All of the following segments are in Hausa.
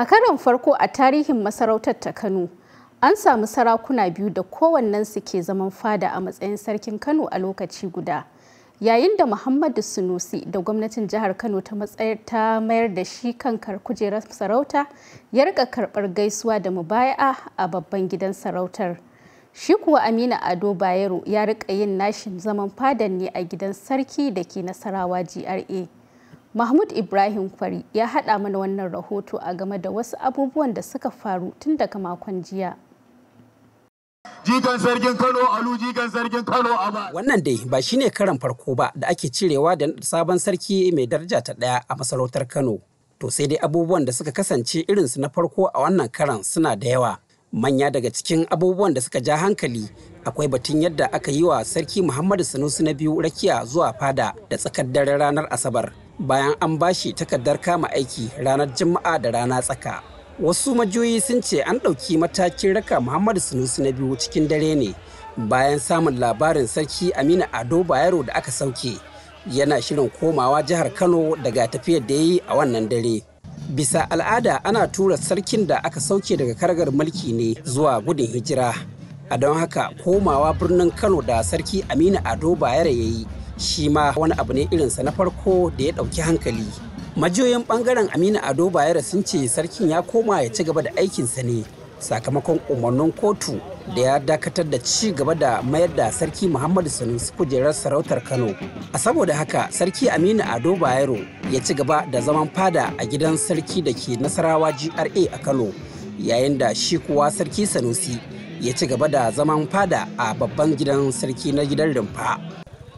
A karon farko a tarihin masarautar ta Kano, an samu sarakuna biyu da kowannensu ke zaman fada a matsayin sarkin Kano a lokaci guda. Yayin da Muhammadu Sunusi da gwamnatin jihar Kano ta matsayar ta mayar da shi kan kujerar sarauta ya rika karɓar gaisuwa da mubaya'a a babban gidan sarautar. Shi kuwa Amina Ado Bayero ya rika yin nashin zaman fadan ne a gidan sarki da ke Nasarawa GRA. Mahmud Ibrahim Kwari ya haɗa mana wannan rahoto a game da wasu abubuwan da suka faru tun daga makon jiya. Jigan sargin Kano Alu jigan sargin Kano Aba. Wannan dai ba shine karan farko ba da ake cirewa da sabon sarki mai daraja ta ɗaya a masarautar Kano. To sai dai abubuwan da suka kasance irinsu na farko a wannan karan suna da yawa. Manya daga cikin abubuwan da suka ja hankali akwai batun yadda aka yi wa sarki Muhammadu Sanusi na biyu rakiya zuwa fada da tsakar dare ranar Asabar. bayan an bashi takardar kama aiki ranar juma'a da rana tsaka wasu majuyi sun ce an ɗauki matakin raka muhammadu sunusi na biyu cikin dare ne bayan samun labarin sarki aminu ado bayero da aka sauke yana shirin komawa jihar kano daga tafiyar da ya yi a wannan dare bisa al'ada ana tura sarkin da aka sauke daga kargar mulki ne zuwa gudun hijira a don haka komawa birnin kano da sarki aminu ado bayero ya yi shi ma wani abu ne irinsa na farko da ya ɗauki hankali majiyoyin ɓangaren aminu ado bayero sun ce sarkin ya koma ya ci gaba da aikinsa ne sakamakon umarnin kotu da ya dakatar da ci gaba da mayar da sarki muhammadu sanusi kujerar sarautar kano a saboda haka sarki aminu ado bayero ya ci gaba da zaman fada a gidan sarki da ke nasarawa gra a kano yayin da shi kuwa sarki sanusi ya ci gaba da zaman fada a babban gidan sarki na gidan rumfa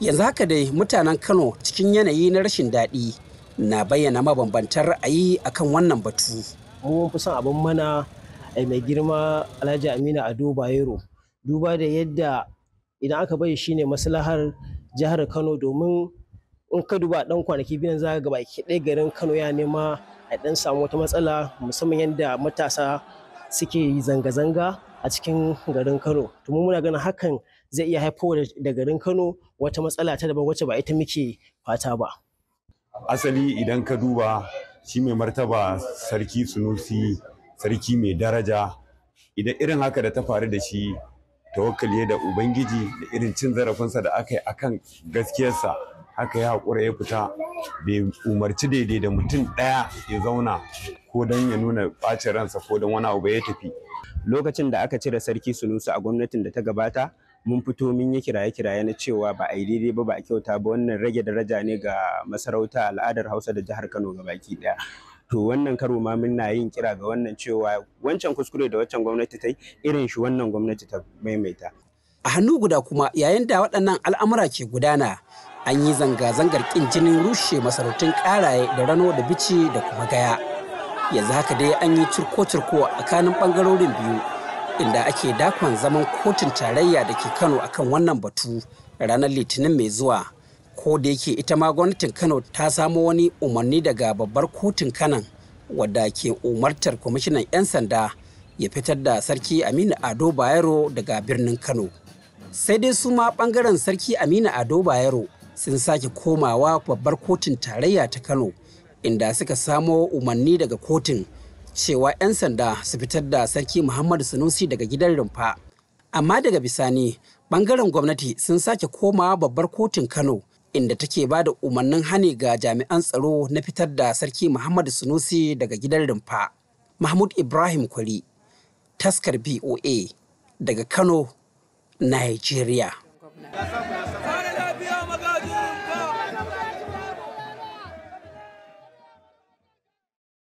yanzu haka dai mutanen kano cikin yanayi na rashin daɗi na bayyana mabambantar ra'ayi akan wannan batu mun fi son abin mana eh, mai girma alhaji amina ado bayero duba da yadda idan aka bai ne maslahar jihar kano domin in ka duba dan kwanaki biyan za ga baki ɗaya garin kano ya nema a dan samu wata matsala musamman yadda matasa suke zanga-zanga a cikin garin kano to muna ganin hakan zai iya haifo da garin Kano wata matsala ta daban wacce ba ita muke fata ba. Asali idan ka duba shi mai martaba sarki sunusi sarki mai daraja idan irin haka da ta faru da shi tawakkali da ubangiji da irin cin zarafinsa da aka yi kan gaskiyarsa haka ya haƙura ya fita bai umarci daidai da mutum ɗaya ya zauna ko don ya nuna ɓacin ransa ko don wani abu ya tafi lokacin da aka cire sarki sunusu a gwamnatin da ta gabata mun fito mun yi kiraye-kiraye na cewa ba a yi daidai ba ba a kyauta ba wannan rage daraja ne ga masarauta al'adar Hausa da jihar Kano ga baki daya. to wannan karo ma na yin kira ga wannan cewa wancan kuskure da wancan gwamnati ta yi irin shi wannan gwamnati ta maimaita. A hannu guda kuma yayin da waɗannan al'amura ke gudana an yi zanga-zangar ƙin jinin rushe masarautun ƙaraye da rano da bici da kuma gaya. Yanzu haka dai an yi turko-turko a tsakanin ɓangarorin biyu inda ake dakon zaman kotun tarayya da ke kano akan wannan batu ranar litinin mai zuwa ko da yake ita ma gwamnatin kano ta samo wani umarni daga babbar kotun kanan wadda ke umartar kwamishinan 'yan sanda ya fitar da sarki aminu ado bayero daga birnin kano sai dai su ma bangaren sarki aminu ado bayero sun sake komawa babbar kotun tarayya ta kano inda suka samo umarni daga kotun cewa 'yan sanda su fitar da sarki muhammadu sanusi daga gidan rumfa amma daga bisani bangaren gwamnati sun sake komawa babbar kotun kano inda take ba da umarnin hane ga jami'an tsaro na fitar da sarki muhammadu sanusi daga gidan rumfa mahmud ibrahim kwari taskar boa daga kano nigeria